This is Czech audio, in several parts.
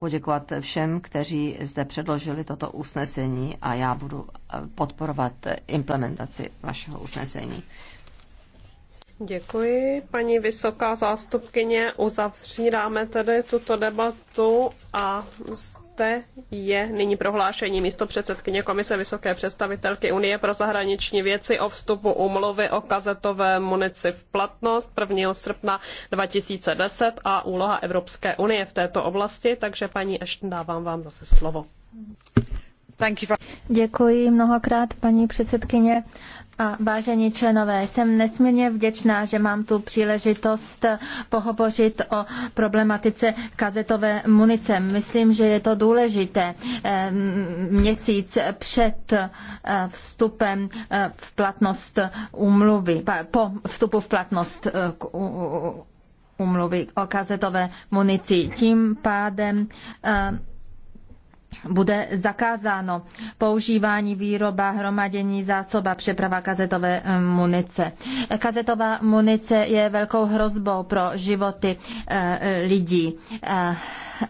poděkovat všem, kteří zde předložili toto usnesení a já budu eh, podporovat implementaci vašeho usnesení. Děkuji, paní vysoká zástupkyně. Uzavříráme tedy tuto debatu a Grote je nyní prohlášení místo předsedkyně Komise Vysoké představitelky Unie pro zahraniční věci o vstupu umluvy o kazetové munici v platnost 1. srpna 2010 a úloha Evropské unie v této oblasti, takže paní Ashton, dávám vám zase slovo. Děkuji mnohokrát, paní předsedkyně. A vážení členové, jsem nesmírně vděčná, že mám tu příležitost pohovořit o problematice kazetové munice. Myslím, že je to důležité. Měsíc před eh, vstupem eh, v platnost umluvy, po vstupu v platnost eh, k umluvy o kazetové munici. Tím pádem bude zakázáno používání, výroba, hromadění, zásoba, přeprava kazetové eh, munice. Kazetová munice je velkou hrozbou pro životy eh, lidí eh,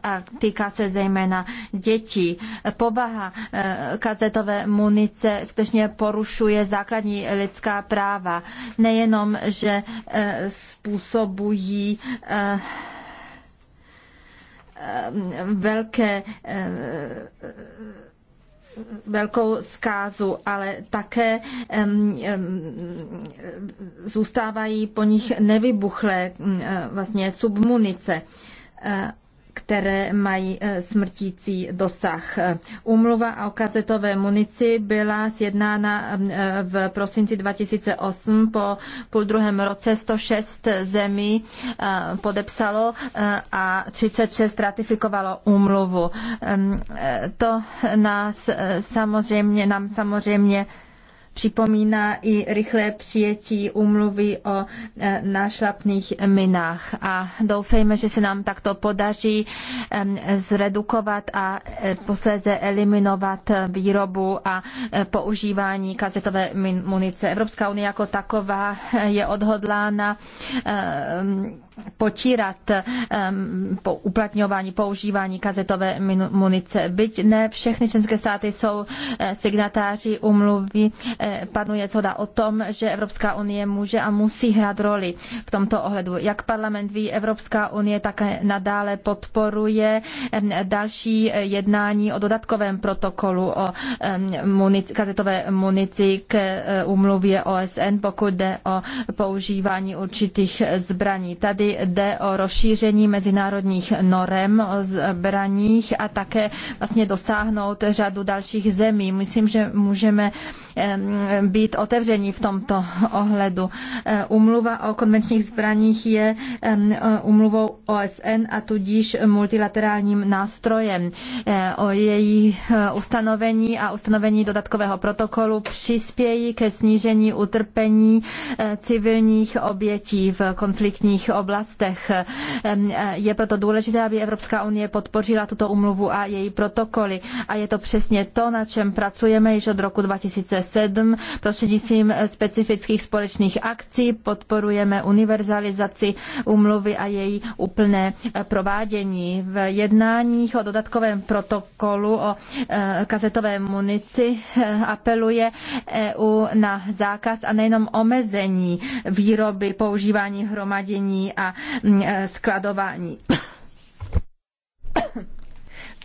a týká se zejména dětí. Povaha kazetové munice skutečně porušuje základní lidská práva. Nejenom, že způsobují Eh, velké eh, velkou zkázu, ale také zůstávají po nich nevybuchlé mm, eh, vlastně submunice které mají eh, smrtící dosah. Úmluva o kazetové munici byla sjednána eh, v prosinci 2008 po půl druhém roce 106 zemí eh, podepsalo a 36 ratifikovalo úmluvu. Ehm, to nás samozřejmě, nám samozřejmě připomíná i rychlé přijetí úmluvy o e, nášlapných minách. A doufejme, že se nám takto podaří e, zredukovat a e, posléze eliminovat výrobu a používání kazetové munice. Evropská unie jako taková je odhodlána potírat po uplatňování, používání kazetové munice. Byť ne všechny členské státy jsou signatáři umluvy, E, panuje shoda o tom, že Evropská unie může a musí hrát roli v tomto ohledu. Jak parlament ví, Evropská unie také nadále podporuje e, další e, jednání o dodatkovém protokolu o munici, kazetové munici k umluvě OSN, pokud jde o používání určitých zbraní. Tady jde o rozšíření mezinárodních norem o zbraních a také vlastně dosáhnout řadu dalších zemí. Myslím, že můžeme být otevření v tomto ohledu. Umluva o konvenčních zbraních je umluvou OSN a tudíž multilaterálním nástrojem. E, o její e, ustanovení a ustanovení dodatkového protokolu přispějí ke snížení utrpení e, civilních obětí v konfliktních oblastech. Je proto důležité, aby Evropská unie podpořila tuto umluvu a její protokoly. A je to přesně to, na čem pracujeme již od roku 2007 způsobem prostřednictvím specifických společných akcí. Podporujeme univerzalizaci umluvy a její úplné eh, provádění. V jednáních o dodatkovém protokolu o eh, kazetové munici eh, apeluje EU na zákaz a nejenom omezení výroby, používání, hromadění a mm, skladování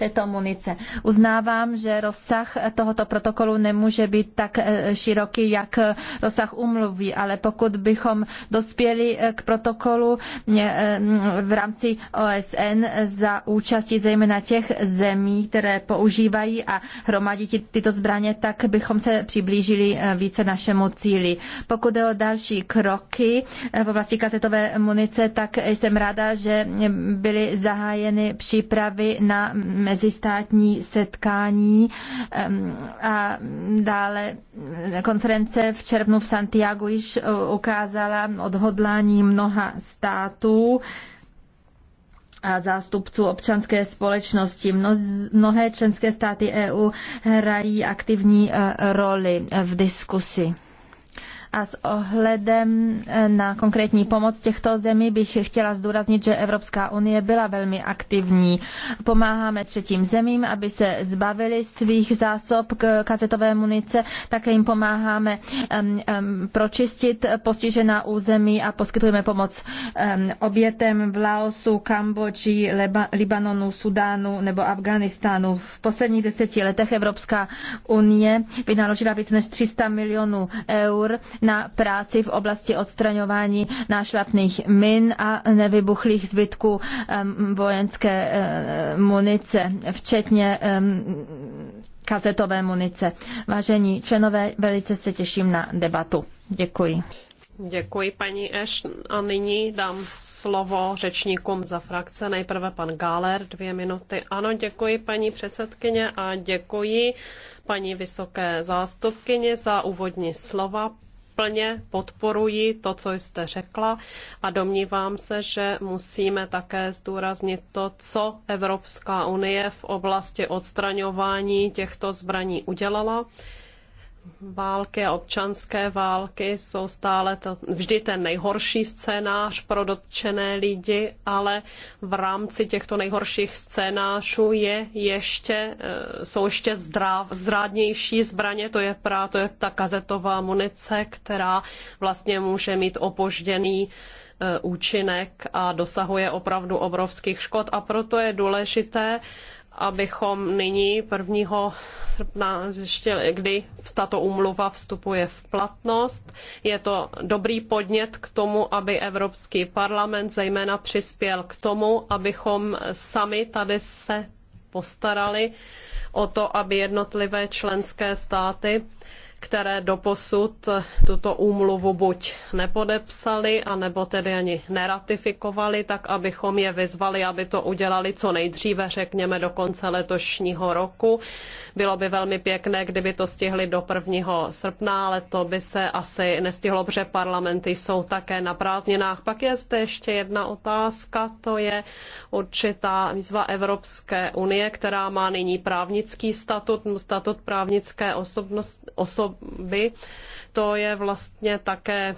této munice. Uznávám, že rozsah tohoto protokolu nemůže být tak eh, široký, jak rozsah umluví, ale pokud bychom dospěli eh, k protokolu eh, mm, v rámci OSN za účasti zejména těch zemí, které používají a hromadí tyto zbraně, tak bychom se přiblížili více našemu cíli. Pokud je o další kroky v oblasti kazetové munice, tak jsem ráda, že byly zahájeny přípravy na mezistátní setkání a dále konference v červnu v Santiago již ukázala odhodlání mnoha států a zástupců občanské společnosti. Mnohé členské státy EU hrají aktivní e, roli v diskusi. A s ohledem eh, na konkrétní pomoc těchto zemí bych chtěla zdůraznit, že Evropská unie byla velmi aktivní. Pomáháme třetím zemím, aby se zbavili svých zásob k kazetové munice, také jim pomáháme um, um, pročistit postižená území a poskytujeme pomoc um, obětem v Laosu, Kambodži, Leba, Libanonu, Sudánu nebo Afganistánu. V posledních deseti letech Evropská unie vynaložila víc než 300 milionů eur na práci v oblasti odstraňování nášlapných min a nevybuchlých zbytků vojenské eh, munice, včetně kazetové munice. Vážení členové, velice se těším na debatu. Děkuji. Děkuji paní Eš. A nyní dám slovo řečníkům za frakce. Nejprve pan Gáler, dvě minuty. Ano, děkuji paní předsedkyně a děkuji paní vysoké zástupkyně za úvodní slova plně podporuji to, co jste řekla a domnívám se, že musíme také zdůraznit to, co Evropská unie v oblasti odstraňování těchto zbraní udělala války a občanské války jsou stále to, vždy ten nejhorší scénář pro dotčené lidi, ale v rámci těchto nejhorších scénářů je ještě, eh, jsou ještě zdrav, zrádnější zbraně, to je, právě to je ta kazetová munice, která vlastně může mít opožděný eh, účinek a dosahuje opravdu obrovských škod a proto je důležité, abychom nyní 1. srpna zjištěli, kdy tato umluva vstupuje v platnost. Je to dobrý podnět k tomu, aby Evropský parlament zejména přispěl k tomu, abychom sami tady se postarali o to, aby jednotlivé členské státy které doposud tuto úmluvu buď nepodepsali, anebo tedy ani neratifikovali, tak abychom je vyzvali, aby to udělali co nejdříve, řekněme do konce letošního roku. Bylo by velmi pěkné, kdyby to stihli do 1. srpna, ale to by se asi nestihlo, protože parlamenty jsou také na prázdninách. Pak je zde ještě jedna otázka, to je určitá výzva Evropské unie, která má nyní právnický statut, statut právnické osobnosti, osob, by, to je vlastně také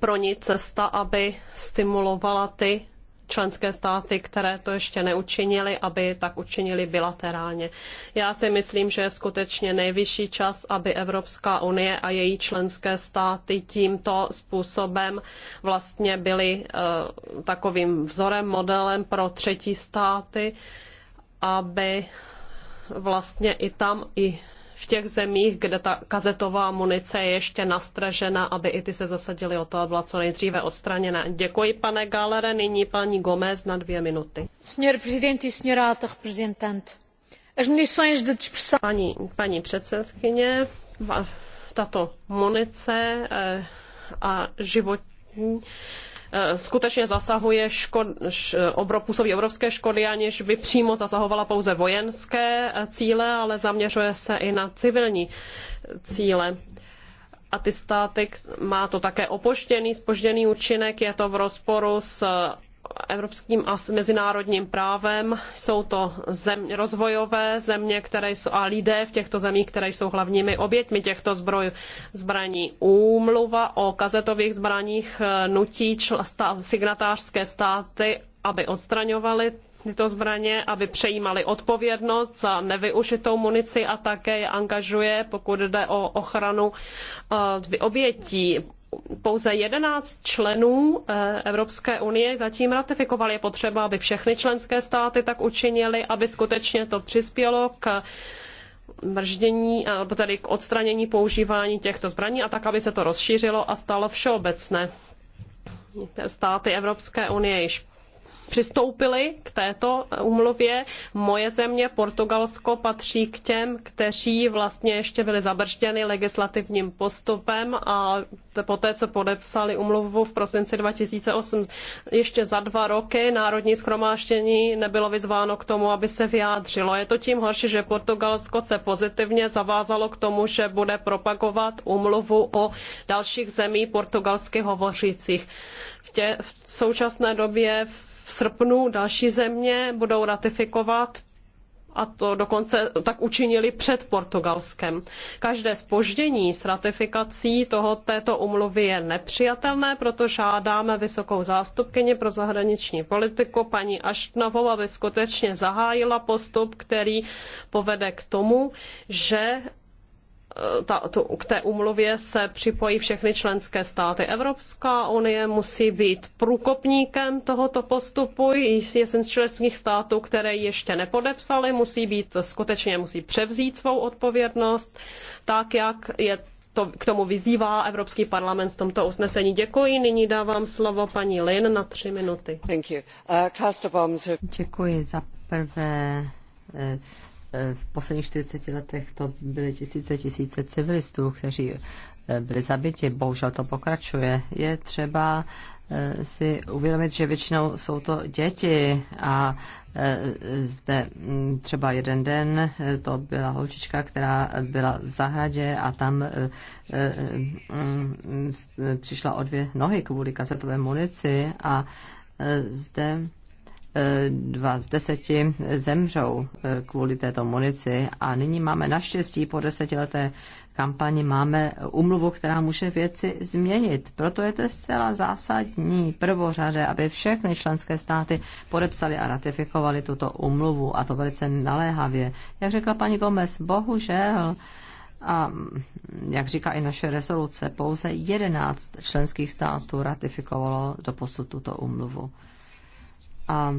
pro ní cesta, aby stimulovala ty členské státy, které to ještě neučinily, aby tak učinili bilaterálně. Já si myslím, že je skutečně nejvyšší čas, aby Evropská unie a její členské státy tímto způsobem vlastně byly eh, takovým vzorem, modelem pro třetí státy, aby vlastně i tam i v těch zemích, kde ta kazetová munice je ještě nastražena, aby i ty se zasadily o to a byla co nejdříve odstraněna. Děkuji, pane Galere. Nyní paní Gomez na dvě minuty. Senhor presidente, e senhora alta representante, as munições de dispersão... Paní, paní předsedkyně, tato munice eh, a životní Eh, skutečně zasahuje škod, obro, působí obrovské škody, aniž by přímo zasahovala pouze vojenské eh, cíle, ale zaměřuje se i na civilní eh, cíle a ty státy má to také opožděný, spožděný účinek, je to v rozporu s evropským a mezinárodním právem. Jsou to zem, rozvojové země které jsou, a lidé v těchto zemích, které jsou hlavními oběťmi těchto zbroj, zbraní. Úmluva o kazetových zbraních eh, nutí čl, signatářské státy, aby odstraňovaly tyto zbraně, aby přejímali odpovědnost za nevyužitou munici a také je angažuje, pokud jde o ochranu eh, obětí pouze 11 členů eh, Evropské unie zatím ratifikovali. Je potřeba, aby všechny členské státy tak učinili, aby skutečně to přispělo k brždění, eh, nebo tedy k odstranění používání těchto zbraní a tak, aby se to rozšířilo a stalo všeobecné. Státy Evropské unie již přistoupili k této umluvě. Moje země, Portugalsko, patří k těm, kteří vlastně ještě byli zabržděni legislativním postupem a poté, co podepsali umluvu v prosinci 2008, ještě za dva roky Národní schromáždění nebylo vyzváno k tomu, aby se vyjádřilo. Je to tím horší, že Portugalsko se pozitivně zavázalo k tomu, že bude propagovat umluvu o dalších zemí portugalsky hovořících. V, tě, v současné době v v srpnu další země budou ratifikovat a to dokonce tak učinili před Portugalskem. Každé zpoždění s ratifikací toho, této umluvy je nepřijatelné, proto žádáme vysokou zástupkyni pro zahraniční politiku paní Aštnovou, aby skutečně zahájila postup, který povede k tomu, že ta, k té umluvě se připojí všechny členské státy. Evropská unie musí být průkopníkem tohoto postupu. Jeden z členských států, které ještě nepodepsali, musí být skutečně musí převzít svou odpovědnost, tak jak je to, k tomu vyzývá Evropský parlament v tomto usnesení. Děkuji. Nyní dávám slovo paní Lin na tři minuty. Thank you. Uh, Děkuji za prvé. Eh, v posledních 40 letech to byly tisíce, tisíce civilistů, kteří eh, byli zabiti. Bohužel to pokračuje. Je třeba eh, si uvědomit, že většinou jsou to děti a eh, zde hm, třeba jeden den to byla holčička, která byla v zahradě a tam hm, hm, přišla o dvě nohy kvůli kazetové munici a zde dva z deseti zemřou eh, kvůli této munici a nyní máme naštěstí po desetileté kampani máme umluvu, která může věci změnit. Proto je to zcela zásadní prvořadé, aby všechny členské státy podepsali a ratifikovali tuto umluvu a to velice naléhavě. Jak řekla paní Gomez, bohužel a jak říká i naše rezoluce, pouze 11 členských států ratifikovalo doposud tuto umluvu. A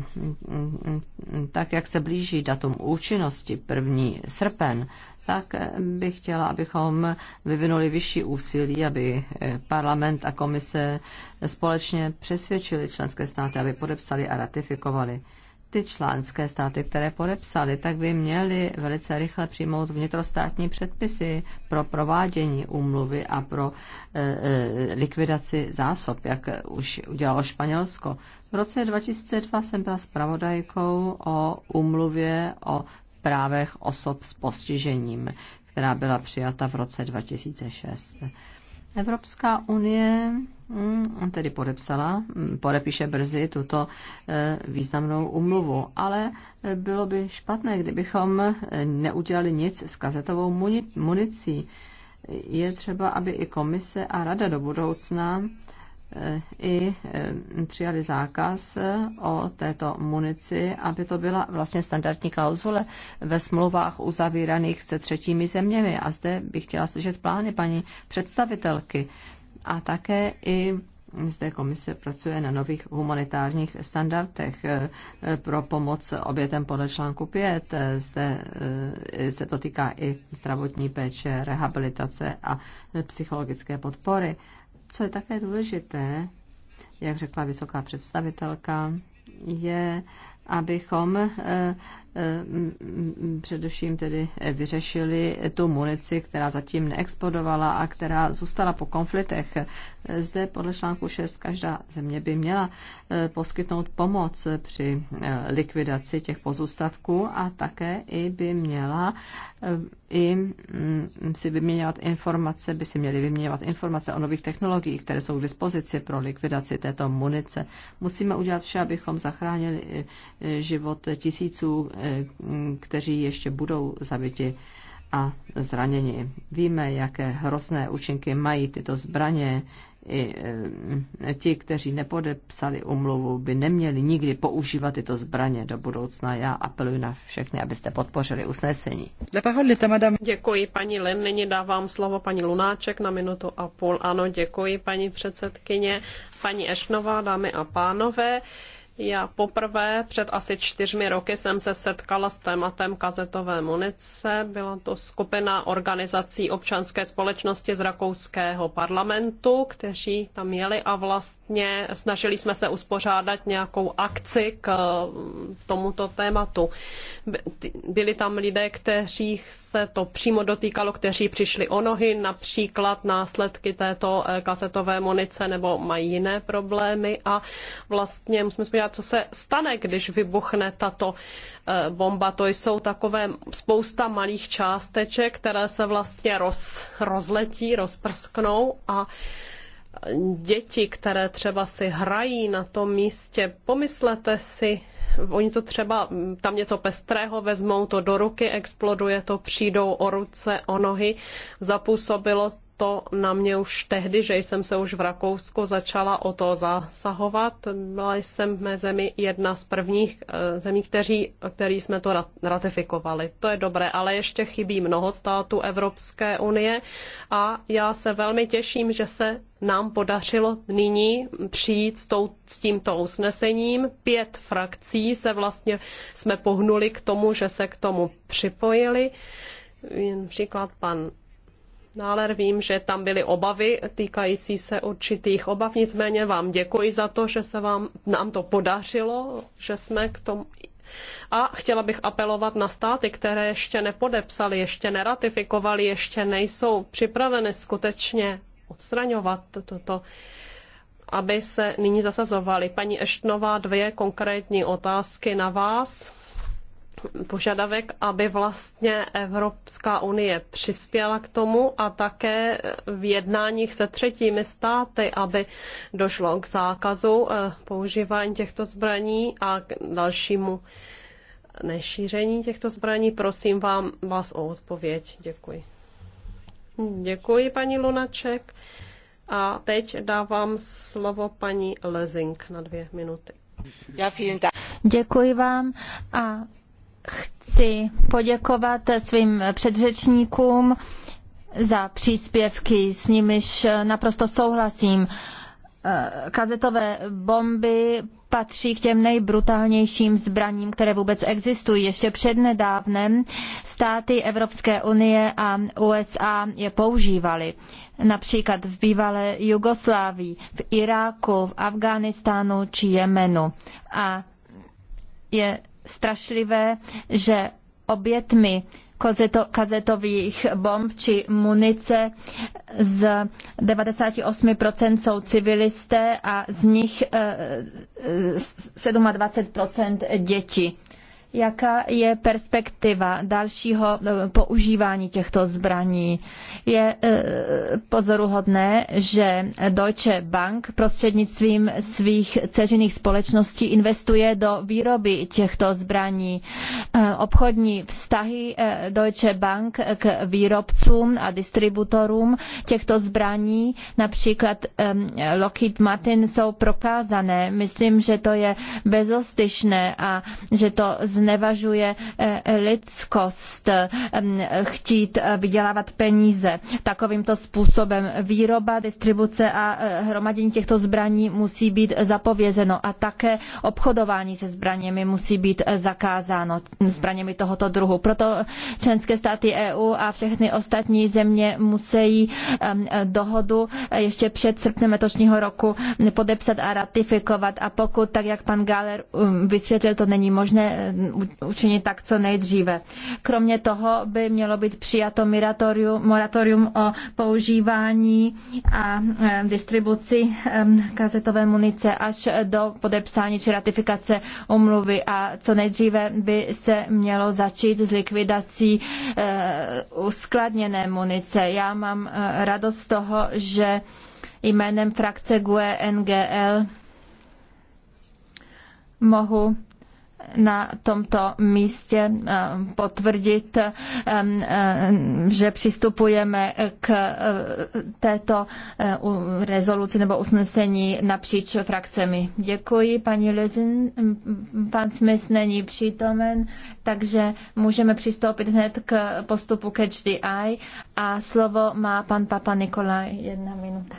tak, jak se blíží datum účinnosti 1. srpen, tak bych chtěla, abychom vyvinuli vyšší úsilí, aby parlament a komise společně přesvědčili členské státy, aby podepsali a ratifikovali ty členské státy, které podepsaly, tak by měly velice rychle přijmout vnitrostátní předpisy pro provádění úmluvy a pro e, likvidaci zásob, jak už udělalo Španělsko. V roce 2002 jsem byla zpravodajkou o úmluvě o právech osob s postižením, která byla přijata v roce 2006. Evropská unie mm, tedy podepsala, mm, podepíše brzy tuto eh, významnou umluvu, ale eh, bylo by špatné, kdybychom eh, neudělali nic s kazetovou municí. Je třeba, aby i komise a rada do budoucna i e, přijali zákaz e, o této munici, aby to byla vlastně standardní klauzule ve smlouvách uzavíraných se třetími zeměmi. A zde bych chtěla slyšet plány paní představitelky. A také i zde komise pracuje na nových humanitárních standardech e, pro pomoc obětem podle článku 5. Zde se to týká i zdravotní péče, rehabilitace a psychologické podpory. Co je také důležité, jak řekla vysoká představitelka, je, abychom eh, Eh, především tedy eh, vyřešili tu munici, která zatím neexplodovala a která zůstala po konfliktech. Eh, zde podle článku 6 každá země by měla poskytnout pomoc při likvidaci těch pozůstatků a také i by měla i mm, si vyměňovat informace, by si měly vyměňovat informace o nových technologiích, které jsou k dispozici pro likvidaci této munice. Musíme udělat vše, abychom zachránili život tisíců kteří ještě budou zabiti a zraněni. Víme, jaké hrozné účinky mají tyto zbraně. I eh, ti, kteří nepodepsali umluvu, by neměli nikdy používat tyto zbraně do budoucna. Já apeluji na všechny, abyste podpořili usnesení. Děkuji, paní Len. Nyní dávám slovo paní Lunáček na minutu a půl. Ano, děkuji, paní předsedkyně, paní Ešnová, dámy a pánové. Já poprvé před asi čtyřmi roky jsem se setkala s tématem kazetové munice. Byla to skupina organizací občanské společnosti z rakouského parlamentu, kteří tam jeli a vlastně snažili jsme se uspořádat nějakou akci k eh, tomuto tématu. Byli tam lidé, kteří se to přímo dotýkalo, kteří přišli o nohy, například následky této eh, kazetové munice nebo mají jiné problémy a vlastně musíme a co se stane, když vybuchne tato eh, bomba. To jsou takové spousta malých částeček, které se vlastně roz, rozletí, rozprsknou a eh, děti, které třeba si hrají na tom místě, pomyslete si, oni to třeba mm, tam něco pestrého vezmou, to do ruky exploduje, to přijdou o ruce, o nohy. Zapůsobilo to na mě už tehdy, že jsem se už v Rakousku začala o to zasahovat. Byla jsem v mé zemi jedna z prvních eh, zemí, kteří, který jsme to ratifikovali. To je dobré, ale ještě chybí mnoho států Evropské unie a já se velmi těším, že se nám podařilo nyní přijít s, tou, s tímto usnesením. Pět frakcí se vlastně jsme pohnuli k tomu, že se k tomu připojili. Například příklad pan Náler, vím, že tam byly obavy týkající se určitých obav, nicméně vám děkuji za to, že se vám, nám to podařilo, že jsme k tomu a chtěla bych apelovat na státy, které ještě nepodepsali, ještě neratifikovali, ještě nejsou připraveny skutečně odstraňovat toto, aby se nyní zasazovali. Paní Eštnová, dvě konkrétní otázky na vás požadavek, aby vlastně Evropská unie přispěla k tomu a také v jednáních se třetími státy, aby došlo k zákazu eh, používání těchto zbraní a k dalšímu nešíření těchto zbraní. Prosím vám, vás o odpověď. Děkuji. Děkuji, paní Lunaček. A teď dávám slovo paní Lezing na dvě minuty. Děkuji vám a chci poděkovat svým předřečníkům za příspěvky, s nimiž naprosto souhlasím. Kazetové bomby patří k těm nejbrutálnějším zbraním, které vůbec existují. Ještě přednedávnem státy Evropské unie a USA je používaly. Například v bývalé Jugoslávii, v Iráku, v Afghánistánu či Jemenu. A je strašlivé, že obětmi kazeto, kazetových bomb či munice z 98% jsou civilisté a z nich 27% eh, děti jaká je perspektiva dalšího eh, používání těchto zbraní. Je eh, pozoruhodné, že Deutsche Bank prostřednictvím svých ceřiných společností investuje do výroby těchto zbraní. Eh, obchodní vztahy Deutsche Bank k výrobcům a distributorům těchto zbraní, například ehm, Lockheed Martin, jsou prokázané. Myslím, že to je bezostyšné a že to zná znevažuje eh, lidskost ehm, chtít eh, vydělávat peníze. Takovýmto způsobem výroba, distribuce a eh, hromadění těchto zbraní musí být zapovězeno a také obchodování se zbraněmi musí být zakázáno zbraněmi tohoto druhu. Proto členské státy EU a všechny ostatní země musí ehm, dohodu ještě před srpnem letošního roku podepsat a ratifikovat a pokud, tak jak pan Galer um, vysvětlil, to není možné, učinit tak co nejdříve. Kromě toho by mělo být přijato moratorium o používání a e, distribuci e, kazetové munice až do podepsání či ratifikace umluvy a co nejdříve by se mělo začít s likvidací e, uskladněné munice. Já mám radost z toho, že jménem frakce GUE NGL mohu na tomto místě eh, potvrdit, eh, eh, že přistupujeme k této rezoluci nebo usnesení napříč frakcemi. Děkuji, paní Lezin. Pan Smith není přítomen, takže můžeme přistoupit hned k postupu ke HDI a slovo má pan Papa Nikolaj. Jedna minuta.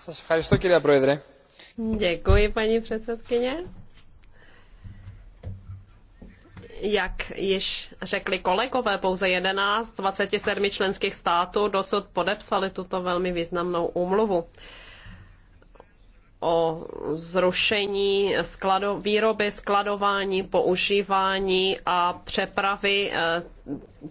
Σας ευχαριστώ Děkuji, paní předsedkyně. Jak již řekli kolegové, pouze 11 z 27 členských států dosud podepsali tuto velmi významnou úmluvu o zrušení výroby, skladování, používání a přepravy eh,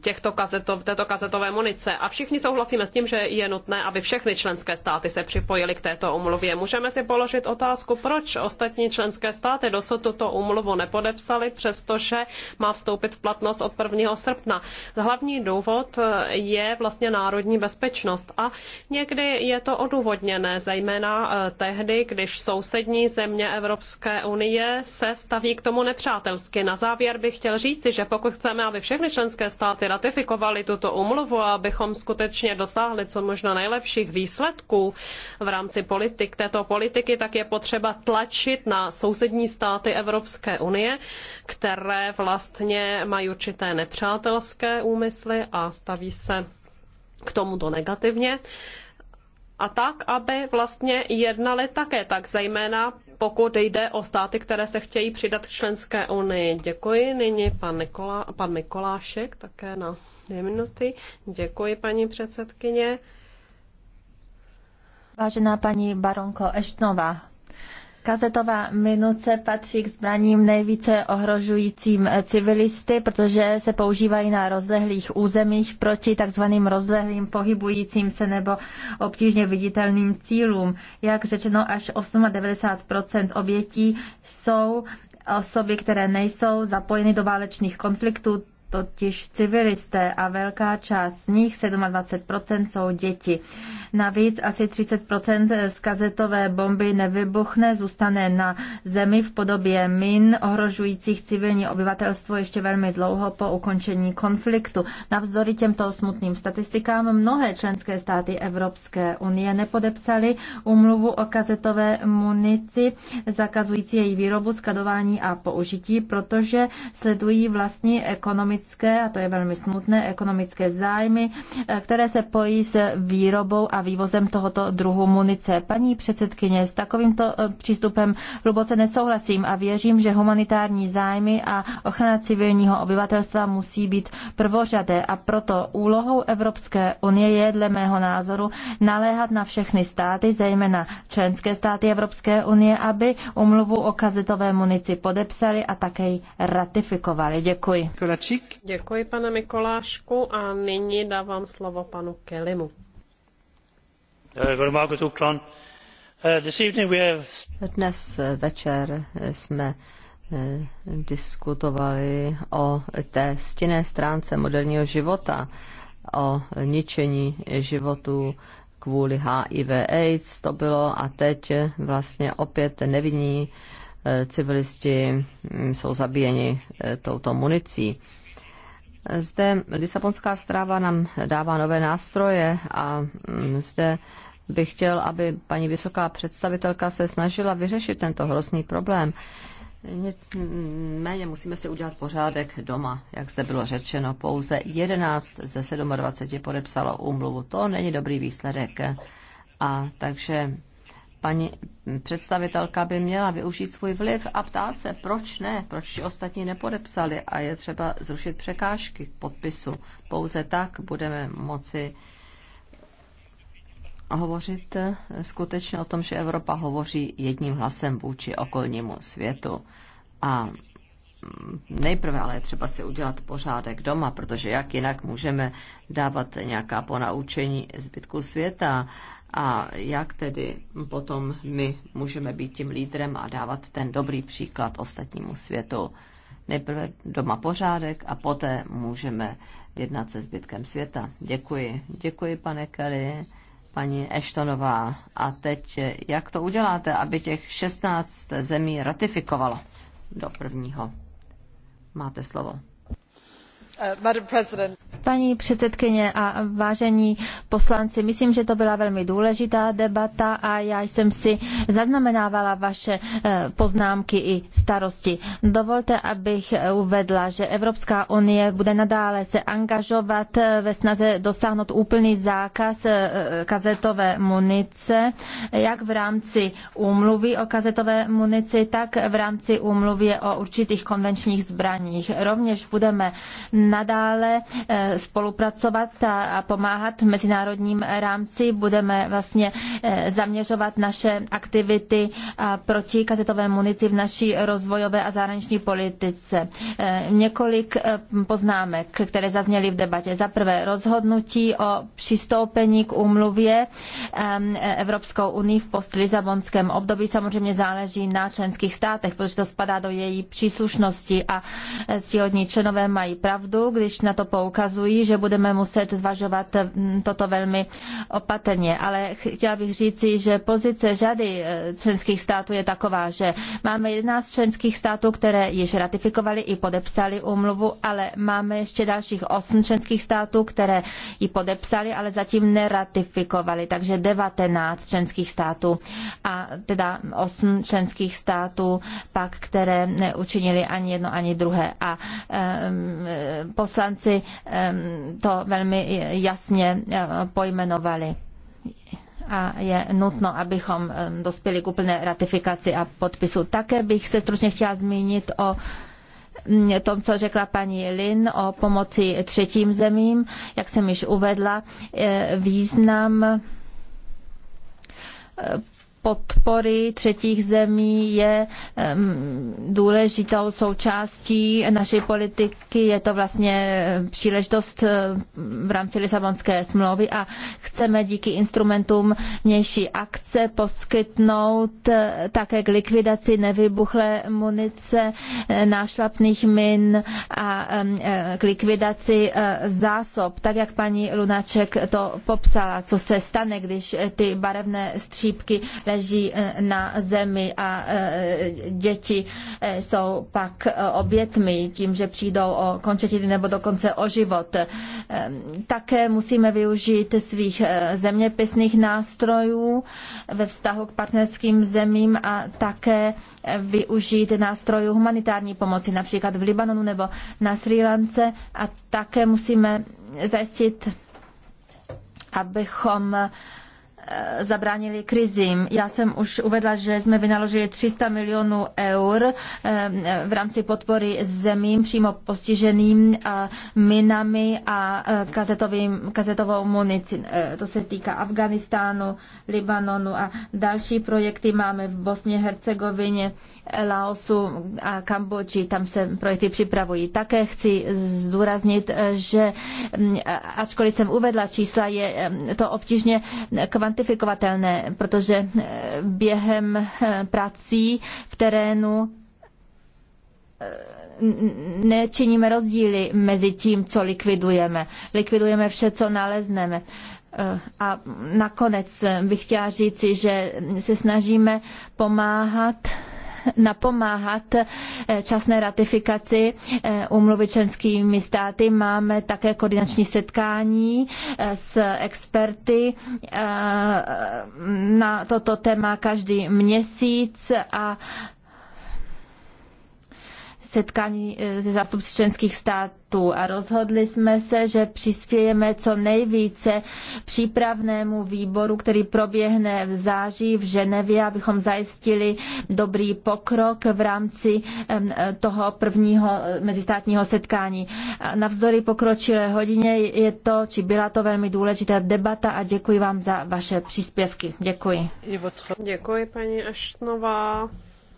těchto kazetov, této kazetové munice. A všichni souhlasíme s tím, že je nutné, aby všechny členské státy se připojily k této umluvě. Můžeme si položit otázku, proč ostatní členské státy dosud tuto umluvu nepodepsaly, přestože má vstoupit v platnost od 1. srpna. Hlavní důvod je vlastně národní bezpečnost a někdy je to odůvodněné, zejména eh, tehdy, když sousední země Evropské unie se staví k tomu nepřátelsky. Na závěr bych chtěl říci, že pokud chceme, aby všechny členské státy ratifikovaly tuto umluvu a abychom skutečně dosáhli co možná nejlepších výsledků v rámci politik, této politiky, tak je potřeba tlačit na sousední státy Evropské unie, které vlastně mají určité nepřátelské úmysly a staví se k tomuto negativně a tak, aby vlastně jednali také, tak zejména pokud jde o státy, které se chtějí přidat k členské unii. Děkuji. Nyní pan, Nikola, pan Mikolášek také na dvě minuty. Děkuji, paní předsedkyně. Vážená paní baronko Eštnová, Kazetová minuce patří k zbraním nejvíce ohrožujícím civilisty, protože se používají na rozlehlých územích proti takzvaným rozlehlým pohybujícím se nebo obtížně viditelným cílům. Jak řečeno, až 98 obětí jsou osoby, které nejsou zapojeny do válečných konfliktů, totiž civilisté a velká část z nich, 27%, jsou děti. Navíc asi 30% z kazetové bomby nevybuchne, zůstane na zemi v podobě min ohrožujících civilní obyvatelstvo ještě velmi dlouho po ukončení konfliktu. Navzdory těmto smutným statistikám mnohé členské státy Evropské unie nepodepsaly umluvu o kazetové munici zakazující její výrobu, skladování a použití, protože sledují vlastní ekonomické ekonomické, a to je velmi smutné, ekonomické zájmy, eh, které se pojí s výrobou a vývozem tohoto druhu munice. Paní předsedkyně, s takovýmto eh, přístupem hluboce nesouhlasím a věřím, že humanitární zájmy a ochrana civilního obyvatelstva musí být prvořadé a proto úlohou Evropské unie je dle mého názoru naléhat na všechny státy, zejména členské státy Evropské unie, aby umluvu o kazetové munici podepsali a také ji ratifikovali. Děkuji. Kolačík. Děkuji, pane Mikolášku, a nyní dávám slovo panu Kelimu. Uh, Dnes večer jsme eh, diskutovali o té stinné stránce moderního života, o ničení životů kvůli HIV AIDS to bylo a teď vlastně opět nevinní eh, civilisti mm, jsou zabíjeni eh, touto municí. Zde Lisabonská stráva nám dává nové nástroje a mm, zde bych chtěl, aby paní vysoká představitelka se snažila vyřešit tento hrozný problém. Nicméně musíme si udělat pořádek doma. Jak zde bylo řečeno, pouze 11 ze 27 podepsalo úmluvu. To není dobrý výsledek. A takže paní představitelka by měla využít svůj vliv a ptát se, proč ne, proč ti ostatní nepodepsali a je třeba zrušit překážky k podpisu. Pouze tak budeme moci hovořit skutečně o tom, že Evropa hovoří jedním hlasem vůči okolnímu světu. A nejprve ale je třeba si udělat pořádek doma, protože jak jinak můžeme dávat nějaká ponaučení zbytku světa, a jak tedy potom my můžeme být tím lídrem a dávat ten dobrý příklad ostatnímu světu. Nejprve doma pořádek a poté můžeme jednat se zbytkem světa. Děkuji. Děkuji, pane Kelly, paní Eštonová. A teď, jak to uděláte, aby těch 16 zemí ratifikovalo do prvního? Máte slovo. Uh, Paní předsedkyně a vážení poslanci, myslím, že to byla velmi důležitá debata a já jsem si zaznamenávala vaše eh, poznámky i starosti. Dovolte, abych uvedla, že Evropská unie bude nadále se angažovat eh, ve snaze dosáhnout úplný zákaz eh, kazetové munice, jak v rámci úmluvy o kazetové munici, tak v rámci úmluvy o určitých konvenčních zbraních. Rovněž budeme nadále eh, spolupracovat a pomáhat v mezinárodním rámci. Budeme vlastně eh, zaměřovat naše aktivity proti kazetové munici v naší rozvojové a zahraniční politice. Eh, několik poznámek, které zazněly v debatě. Za prvé rozhodnutí o přistoupení k úmluvě ehm, Evropskou unii v post období samozřejmě záleží na členských státech, protože to spadá do její příslušnosti a ctihodní členové mají pravdu parlamentu, když na to poukazují, že budeme muset zvažovat mm, toto velmi opatrně. Ale chtěla bych říci, že pozice řady e, členských států je taková, že máme 11 členských států, které již ratifikovali i podepsali úmluvu, ale máme ještě dalších 8 členských států, které ji podepsali, ale zatím neratifikovali. Takže 19 členských států a teda 8 členských států pak, které neučinili ani jedno, ani druhé. A poslanci to velmi jasně eh, pojmenovali a je nutno, abychom dospěli k úplné ratifikaci a podpisu. Také bych se stručně chtěla zmínit o mm, tom, co řekla paní Lin o pomoci třetím zemím, jak jsem již uvedla, eh, význam podpory třetích zemí je důležitou součástí naší politiky. Je to vlastně příležitost v rámci Lisabonské smlouvy a chceme díky instrumentům vnější akce poskytnout eh, také k likvidaci nevybuchlé munice, eh, nášlapných min a eh, k likvidaci zásob, tak jak paní Lunaček to popsala, co se stane, když ty barevné střípky leží leží eh, na zemi a eh, děti eh, jsou pak obětmi tím, že přijdou o končetiny nebo dokonce o život. Také musíme využít svých zeměpisných nástrojů ve vztahu k partnerským zemím a také využít nástrojů humanitární pomoci, například v Libanonu nebo na Sri Lance a také musíme zajistit abychom Eh, zabránili krizím. Já jsem už uvedla, že jsme vynaložili 300 milionů eur eh, v rámci podpory zemím přímo postiženým eh, minami a kazetovým, kazetovou munici. To se týká Afganistánu, Libanonu a další projekty máme v Bosně, Hercegovině, Laosu a Kambodži. Tam se projekty připravují. Také chci zdůraznit, že mm, ačkoliv jsem uvedla čísla, je to obtížně kvantifikovat identifikovatelné, protože eh, během eh, prací v terénu eh, nečiníme rozdíly mezi tím, co likvidujeme. Likvidujeme vše, co nalezneme. A nakonec bych chtěla říci, že se snažíme pomáhat napomáhat eh, časné ratifikaci eh, umluvy členskými státy. Máme také koordinační setkání eh, s experty na toto téma každý měsíc a setkání se eh, zástupci členských států a rozhodli jsme se, že přispějeme co nejvíce přípravnému výboru, který proběhne v září v Ženevě, abychom zajistili dobrý pokrok v rámci eh, toho prvního eh, mezistátního setkání. Navzdory pokročilé hodině je to, či byla to velmi důležitá debata a děkuji vám za vaše příspěvky. Děkuji. Děkuji paní Aštnová.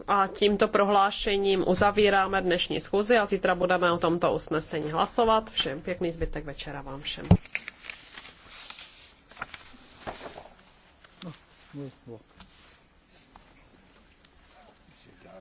A tímto prohlášením uzavíráme dnešní schůzi a zítra budeme o tomto usnesení hlasovat. Všem pěkný zbytek večera vám všem. No, no, no.